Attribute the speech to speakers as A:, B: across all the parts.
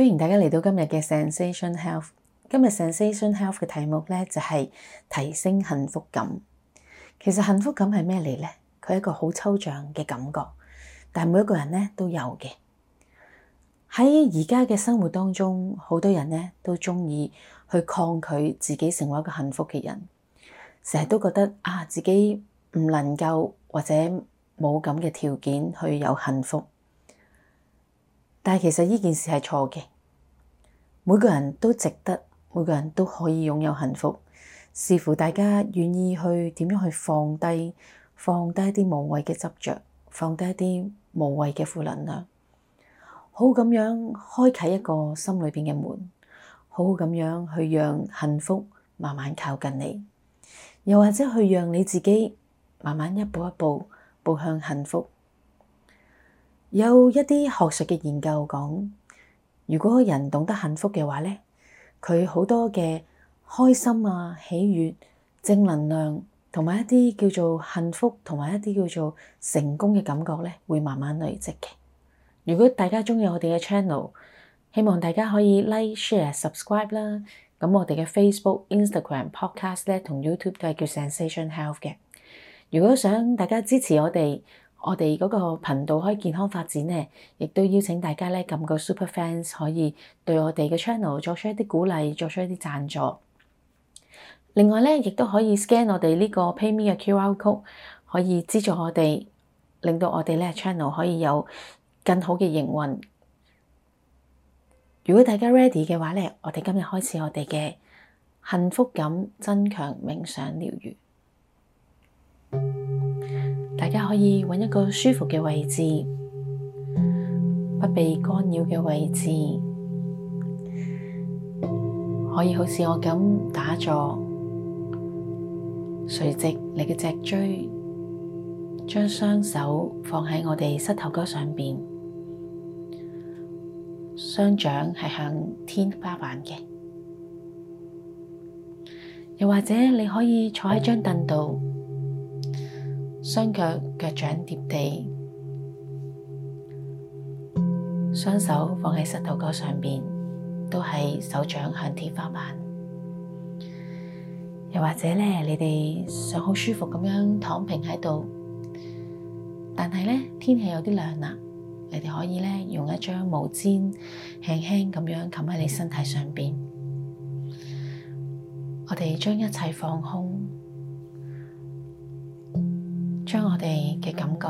A: 歡迎大家嚟到今日嘅 Sensation Health。今日 Sensation Health 嘅題目咧就係提升幸福感。其實幸福感係咩嚟咧？佢係一個好抽象嘅感覺，但係每一個人咧都有嘅。喺而家嘅生活當中，好多人咧都中意去抗拒自己成為一個幸福嘅人，成日都覺得啊自己唔能夠或者冇咁嘅條件去有幸福。但其實呢件事係錯嘅，每個人都值得，每個人都可以擁有幸福，視乎大家願意去點樣去放低，放低啲無謂嘅執着，放低啲無謂嘅負能量，好咁樣開啟一個心裏邊嘅門，好咁樣去讓幸福慢慢靠近你，又或者去讓你自己慢慢一步一步步向幸福。有一啲學術嘅研究講，如果人懂得幸福嘅話呢，佢好多嘅開心啊、喜悅、正能量，同埋一啲叫做幸福，同埋一啲叫做成功嘅感覺咧，會慢慢累積。如果大家中意我哋嘅 channel，希望大家可以 like、share、subscribe 啦。咁我哋嘅 Facebook、Instagram、Podcast 咧同 YouTube 都係叫 Zensation Health 嘅。如果想大家支持我哋。我哋嗰個頻道可以健康發展呢，亦都邀請大家咧咁個 Super Fans 可以對我哋嘅 channel 作出一啲鼓勵，作出一啲贊助。另外咧，亦都可以 scan 我哋呢個 Pay Me 嘅 QR code 可以資助我哋，令到我哋咧 channel 可以有更好嘅營運。如果大家 ready 嘅話咧，我哋今日開始我哋嘅幸福感增強冥想療癒。大家可以揾一個舒服嘅位置，不被干擾嘅位置，可以好似我咁打坐。垂直你嘅脊椎，將雙手放喺我哋膝頭哥上面，雙掌係向天花板嘅。又或者你可以坐喺張凳度。雙腳腳掌貼地，雙手放喺膝頭哥上面，都係手掌向天花板。又或者咧，你哋想好舒服咁樣躺平喺度，但係咧，天氣有啲涼啦，你哋可以咧，用一張毛毯輕輕咁樣冚喺你身體上面。我哋將一切放空。將我哋嘅感覺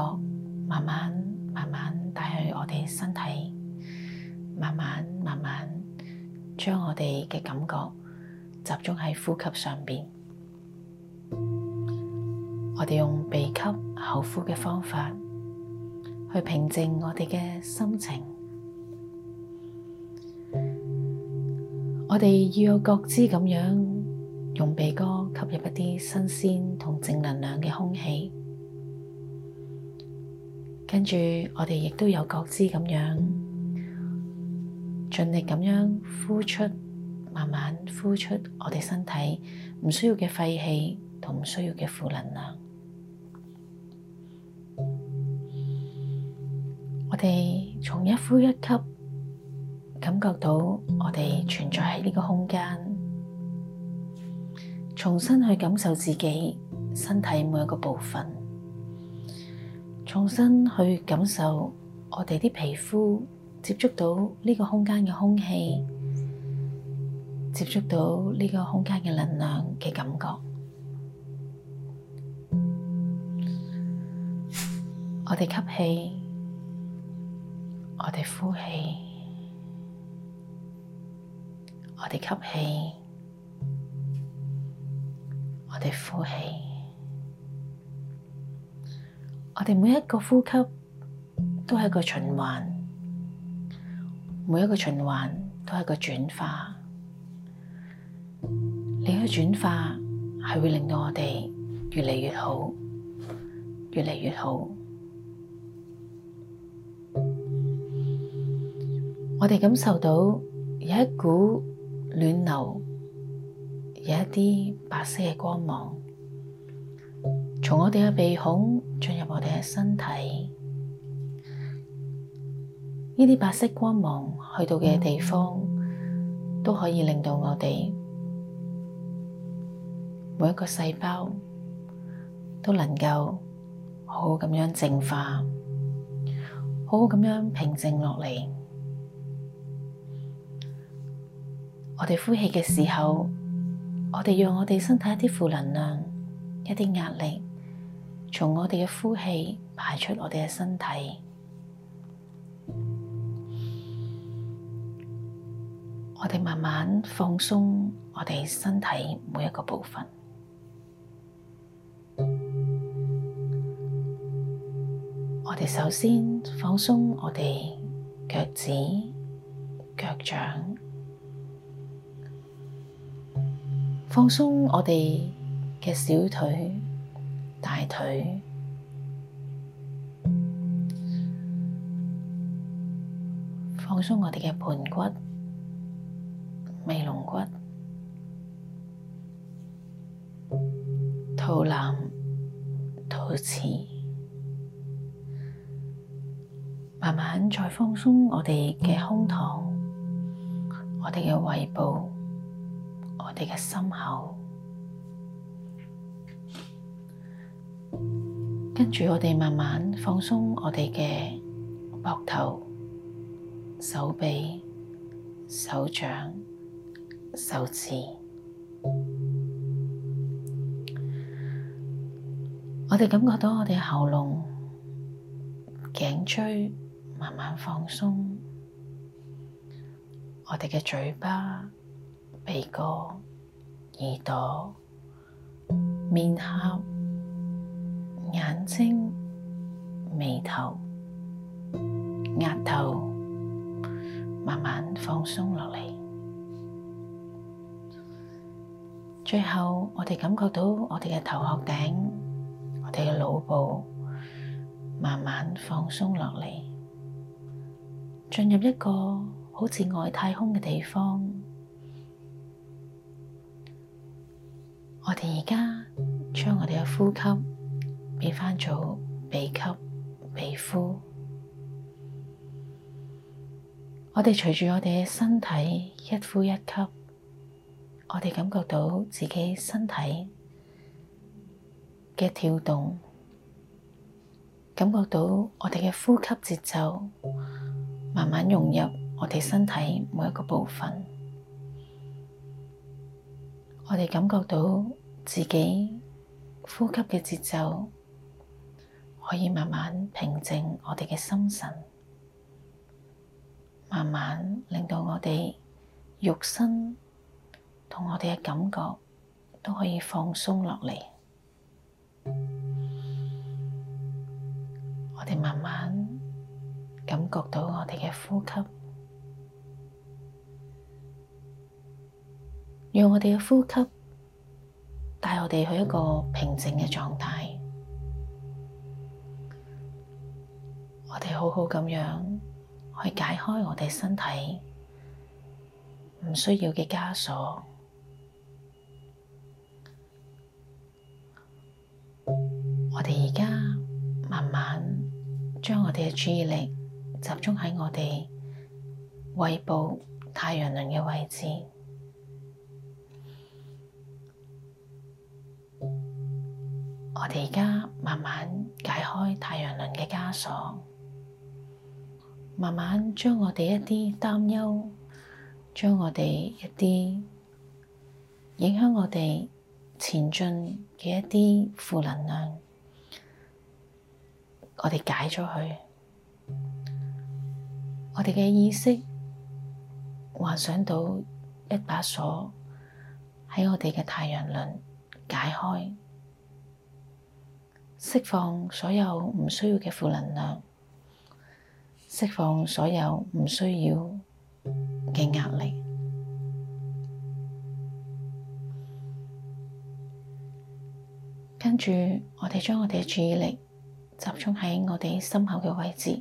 A: 慢慢、慢慢帶去我哋身體，慢慢、慢慢將我哋嘅感覺集中喺呼吸上面。我哋用鼻吸、口呼嘅方法去平靜我哋嘅心情。我哋要有覺知咁樣用鼻哥吸入一啲新鮮同正能量嘅空氣。跟住，我哋亦都有覺知咁樣，盡力咁樣呼出，慢慢呼出我哋身體唔需要嘅廢氣同唔需要嘅負能量。我哋從一呼一吸，感覺到我哋存在喺呢個空間，重新去感受自己身體每一個部分。重新去感受我哋啲皮膚，接觸到呢個空間嘅空氣，接觸到呢個空間嘅能量嘅感覺。我哋吸氣，我哋呼氣，我哋吸氣，我哋呼氣。我哋每一個呼吸都係一個循環，每一個循環都係一個轉化。你個轉化係會令到我哋越嚟越好，越嚟越好。我哋感受到有一股暖流，有一啲白色嘅光芒。從我哋嘅鼻孔進入我哋嘅身體，呢啲白色光芒去到嘅地方，都可以令到我哋每一個細胞都能夠好好咁樣淨化，好好咁樣平靜落嚟。我哋呼氣嘅時候，我哋讓我哋身體一啲負能量、一啲壓力。從我哋嘅呼氣排出我哋嘅身體，我哋慢慢放鬆我哋身體每一個部分。我哋首先放鬆我哋腳趾、腳掌，放鬆我哋嘅小腿。大腿，放鬆我哋嘅盆骨、尾龍骨、肚腩、肚臍，慢慢再放鬆我哋嘅胸膛、我哋嘅胃部、我哋嘅心口。跟住，我哋慢慢放鬆我哋嘅膊頭、手臂、手掌、手指。我哋感覺到我哋喉嚨、頸椎慢慢放鬆。我哋嘅嘴巴、鼻哥、耳朵、面頰。眼睛、眉頭、額頭，慢慢放鬆落嚟。最後，我哋感覺到我哋嘅頭殼頂、我哋嘅腦部，慢慢放鬆落嚟，進入一個好似外太空嘅地方。我哋而家將我哋嘅呼吸。變翻做鼻吸鼻呼，我哋隨住我哋嘅身體一呼一吸，我哋感覺到自己身體嘅跳動，感覺到我哋嘅呼吸節奏慢慢融入我哋身體每一個部分，我哋感覺到自己呼吸嘅節奏。可以慢慢平靜我哋嘅心神，慢慢令到我哋肉身同我哋嘅感覺都可以放鬆落嚟。我哋慢慢感覺到我哋嘅呼吸，用我哋嘅呼吸帶我哋去一個平靜嘅狀態。好好咁樣去解開我哋身體唔需要嘅枷鎖。我哋而家慢慢將我哋嘅注意力集中喺我哋胃部太陽輪嘅位置。我哋而家慢慢解開太陽輪嘅枷鎖。慢慢將我哋一啲擔憂，將我哋一啲影響我哋前進嘅一啲負能量，我哋解咗佢。我哋嘅意識幻想到一把鎖喺我哋嘅太陽輪解開，釋放所有唔需要嘅負能量，釋放所有唔需要嘅壓力，跟住我哋將我哋嘅注意力集中喺我哋心口嘅位置，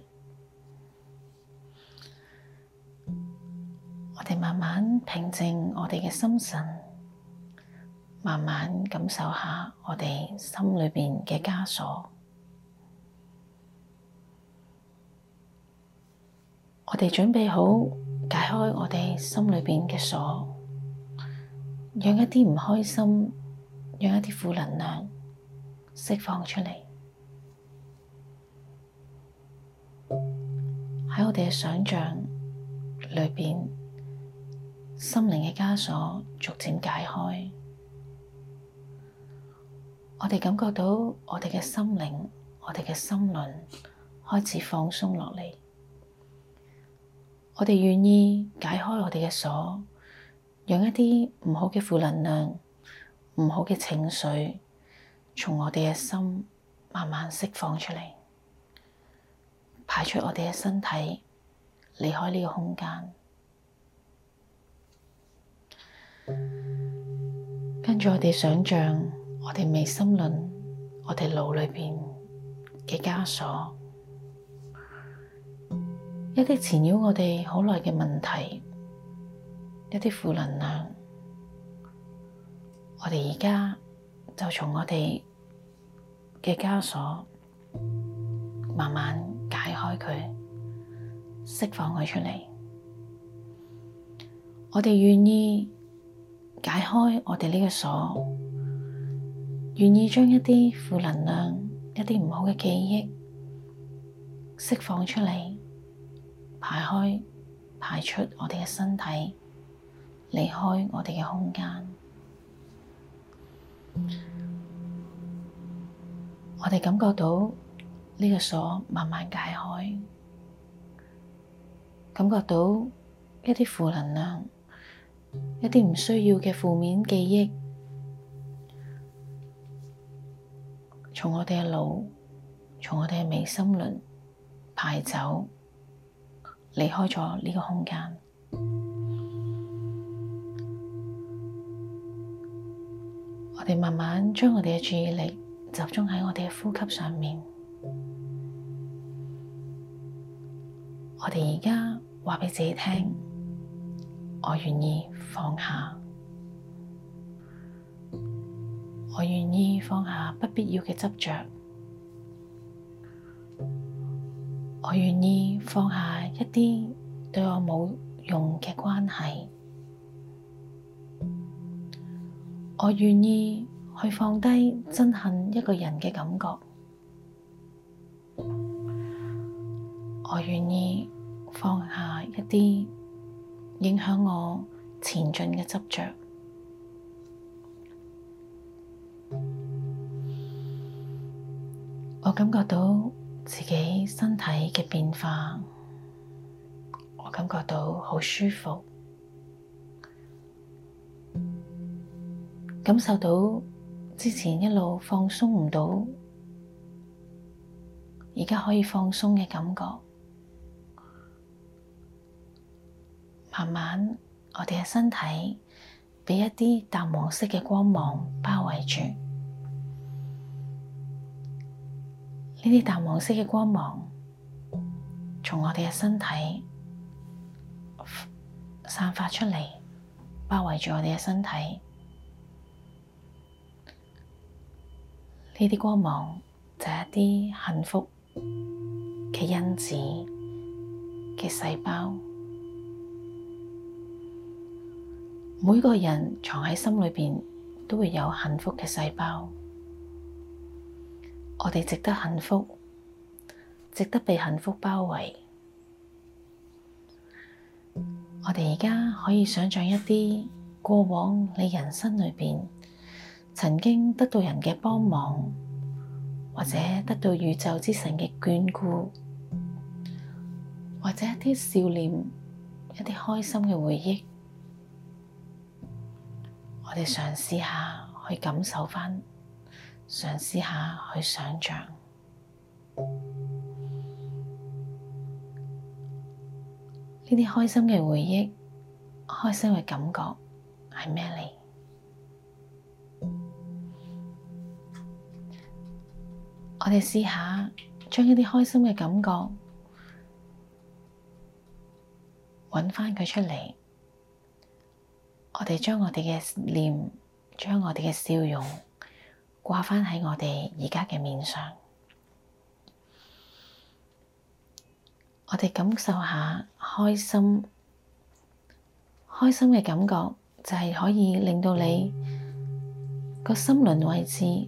A: 我哋慢慢平靜我哋嘅心神，慢慢感受下我哋心裏邊嘅枷鎖。我哋準備好解開我哋心裏面嘅鎖，讓一啲唔開心，讓一啲負能量釋放出嚟，喺我哋嘅想象裏邊，心靈嘅枷鎖逐漸解開，我哋感覺到我哋嘅心靈，我哋嘅心輪開始放鬆落嚟。我哋願意解開我哋嘅鎖，讓一啲唔好嘅負能量、唔好嘅情緒，從我哋嘅心慢慢釋放出嚟，排出我哋嘅身體，離開呢個空間。跟住我哋想象我哋未心輪，我哋腦裏邊嘅枷鎖。一啲纏繞我哋好耐嘅問題，一啲負能量，我哋而家就從我哋嘅枷鎖慢慢解開佢，釋放佢出嚟。我哋願意解開我哋呢個鎖，願意將一啲負能量、一啲唔好嘅記憶釋放出嚟。排開、排出我哋嘅身體，離開我哋嘅空間。我哋感覺到呢個鎖慢慢解開，感覺到一啲負能量、一啲唔需要嘅負面記憶，從我哋嘅腦、從我哋嘅眉心輪排走。離開咗呢個空間，我哋慢慢將我哋嘅注意力集中喺我哋嘅呼吸上面。我哋而家話俾自己聽，我願意放下，我願意放下不必要嘅執着。我願意放下一啲對我冇用嘅關係，我願意去放低憎恨一個人嘅感覺，我願意放下一啲影響我前進嘅執着，我感覺到。自己身體嘅變化，我感覺到好舒服，感受到之前一路放鬆唔到，而家可以放鬆嘅感覺。慢慢，我哋嘅身體被一啲淡黃色嘅光芒包圍住。呢啲淡黃色嘅光芒，從我哋嘅身體散發出嚟，包圍住我哋嘅身體。呢啲光芒就係一啲幸福嘅因子嘅細胞。每個人藏喺心裏邊都會有幸福嘅細胞。我哋值得幸福，值得被幸福包圍。我哋而家可以想象一啲過往你人生裏邊曾經得到人嘅幫忙，或者得到宇宙之神嘅眷顧，或者一啲笑臉、一啲開心嘅回憶。我哋嘗試下去感受翻。嘗試下去想象呢啲開心嘅回憶、開心嘅感覺係咩嚟？我哋試下將呢啲開心嘅感覺搵返佢出嚟。我哋將我哋嘅臉，將我哋嘅笑容。掛返喺我哋而家嘅面上，我哋感受下開心，開心嘅感覺就係可以令到你個心輪位置、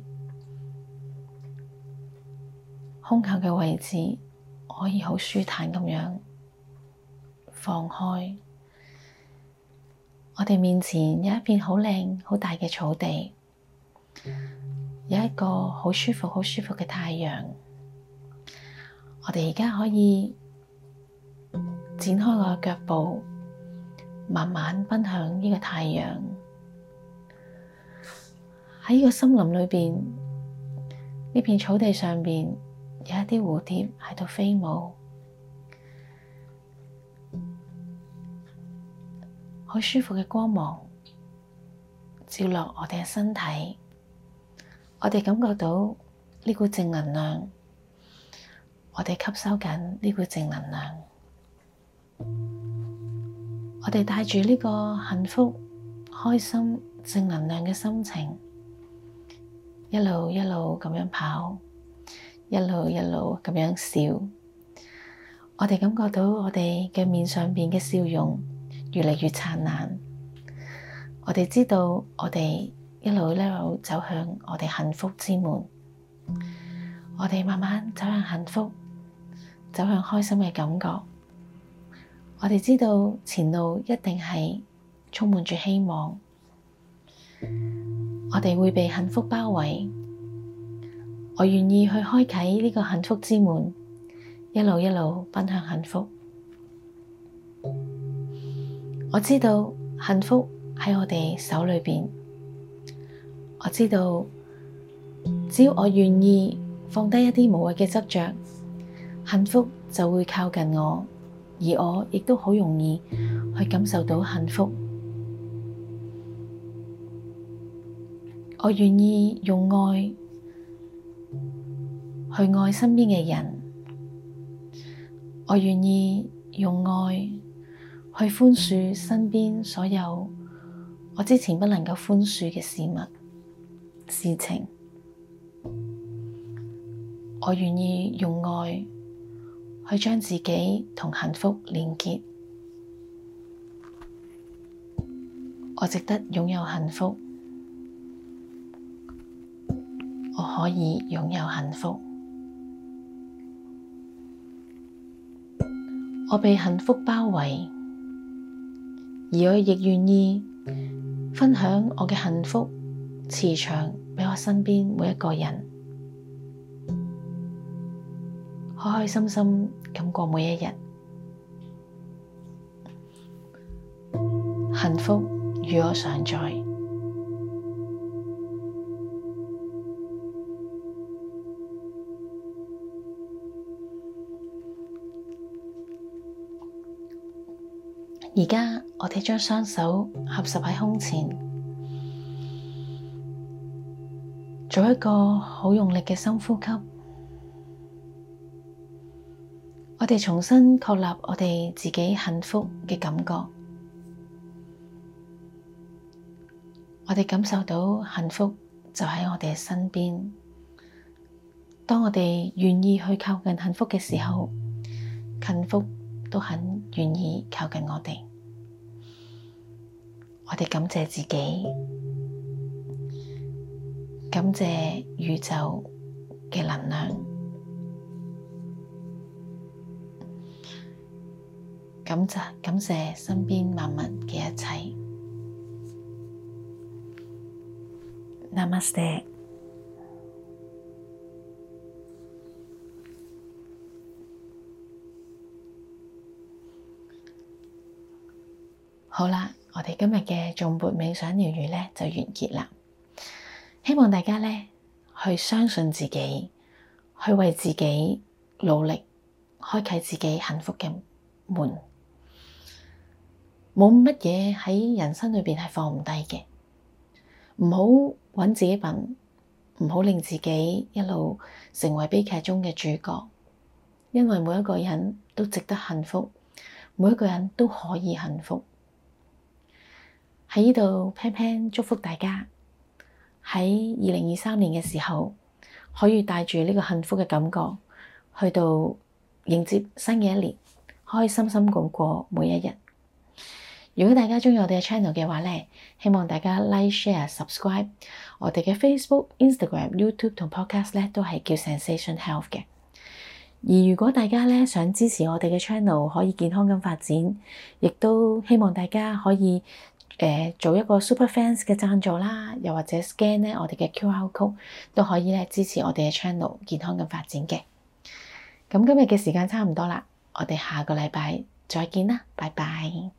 A: 胸口嘅位置可以好舒坦咁樣放開。我哋面前有一片好靚、好大嘅草地。有一個好舒服、好舒服嘅太陽，我哋而家可以展開我嘅腳步，慢慢奔向呢個太陽。喺呢個森林裏邊，呢片草地上面有一啲蝴蝶喺度飛舞，好舒服嘅光芒照落我哋嘅身體。我哋感覺到呢股正能量，我哋吸收緊呢股正能量，我哋帶住呢個幸福、開心、正能量嘅心情，一路一路咁樣跑，一路一路咁樣笑。我哋感覺到我哋嘅面上面嘅笑容越嚟越燦爛。我哋知道我哋。一路一路走向我哋幸福之門，我哋慢慢走向幸福，走向開心嘅感覺。我哋知道前路一定係充滿住希望，我哋會被幸福包圍。我願意去開啟呢個幸福之門，一路一路奔向幸福。我知道幸福喺我哋手裏面。我知道，只要我願意放低一啲無謂嘅執着，幸福就會靠近我，而我亦都好容易去感受到幸福。我願意用愛去愛身邊嘅人，我願意用愛去寬恕身邊所有我之前不能夠寬恕嘅事物。事情，我願意用愛去將自己同幸福連結。我值得擁有幸福，我可以擁有幸福，我被幸福包圍，而我亦願意分享我嘅幸福。慈祥俾我身邊每一個人，開開心心咁過每一日，幸福與我常在。而家我哋將雙手合十喺胸前。做一個好用力嘅深呼吸，我哋重新確立我哋自己幸福嘅感覺。我哋感受到幸福就喺我哋身邊。當我哋願意去靠近幸福嘅時候，幸福都很願意靠近我哋。我哋感謝自己。感謝宇宙嘅能量，感謝感謝身邊萬物嘅一切。Namaste。好啦，我哋今日嘅頌缽冥想療癒呢就完結啦。希望大家呢，去相信自己，去為自己努力，開啟自己幸福嘅門。冇乜嘢喺人生裏邊係放唔低嘅，唔好揾自己笨，唔好令自己一路成為悲劇中嘅主角。因為每一個人都值得幸福，每一個人都可以幸福。喺呢度 Pan Pan 祝福大家。喺二零二三年嘅時候，可以帶住呢個幸福嘅感覺，去到迎接新嘅一年，可以開開心心咁過每一日。如果大家鍾意我哋嘅 channel 嘅話呢，希望大家 like、share、subscribe。我哋嘅 Facebook、Instagram、YouTube 同 Podcast 咧，都係叫 Zensation Health 嘅。而如果大家呢，想支持我哋嘅 channel 可以健康咁發展，亦都希望大家可以。做一個 Superfans 嘅贊助啦，又或者 scan 我哋嘅 QR code 都可以支持我哋嘅 channel 健康嘅發展嘅。咁今日嘅時間差唔多啦，我哋下個禮拜再見啦，拜拜。